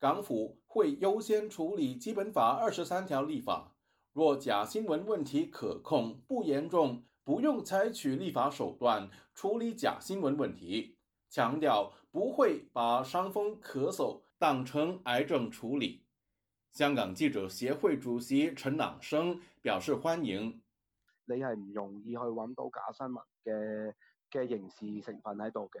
港府會優先處理《基本法》二十三條立法，若假新聞問題可控、不嚴重，不用採取立法手段處理假新聞問題。強調不會把傷風咳嗽當成癌症處理。香港記者協會主席陳朗生表示歡迎。你係唔容易去揾到假新聞嘅嘅刑事成分喺度嘅。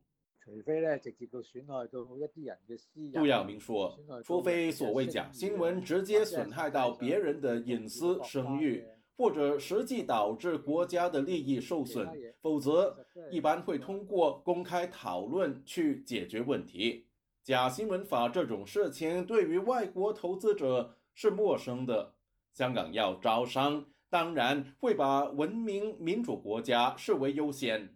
除非直接到損害到一啲人嘅私隱。杜耀明說，除非所謂假新聞直接損害到別人的隱私、聲譽，或者實際導致國家的利益受損，否則一般會通過公開討論去解決問題。假新聞法這種事情對於外國投資者是陌生的。香港要招商，當然會把文明民主國家視為優先。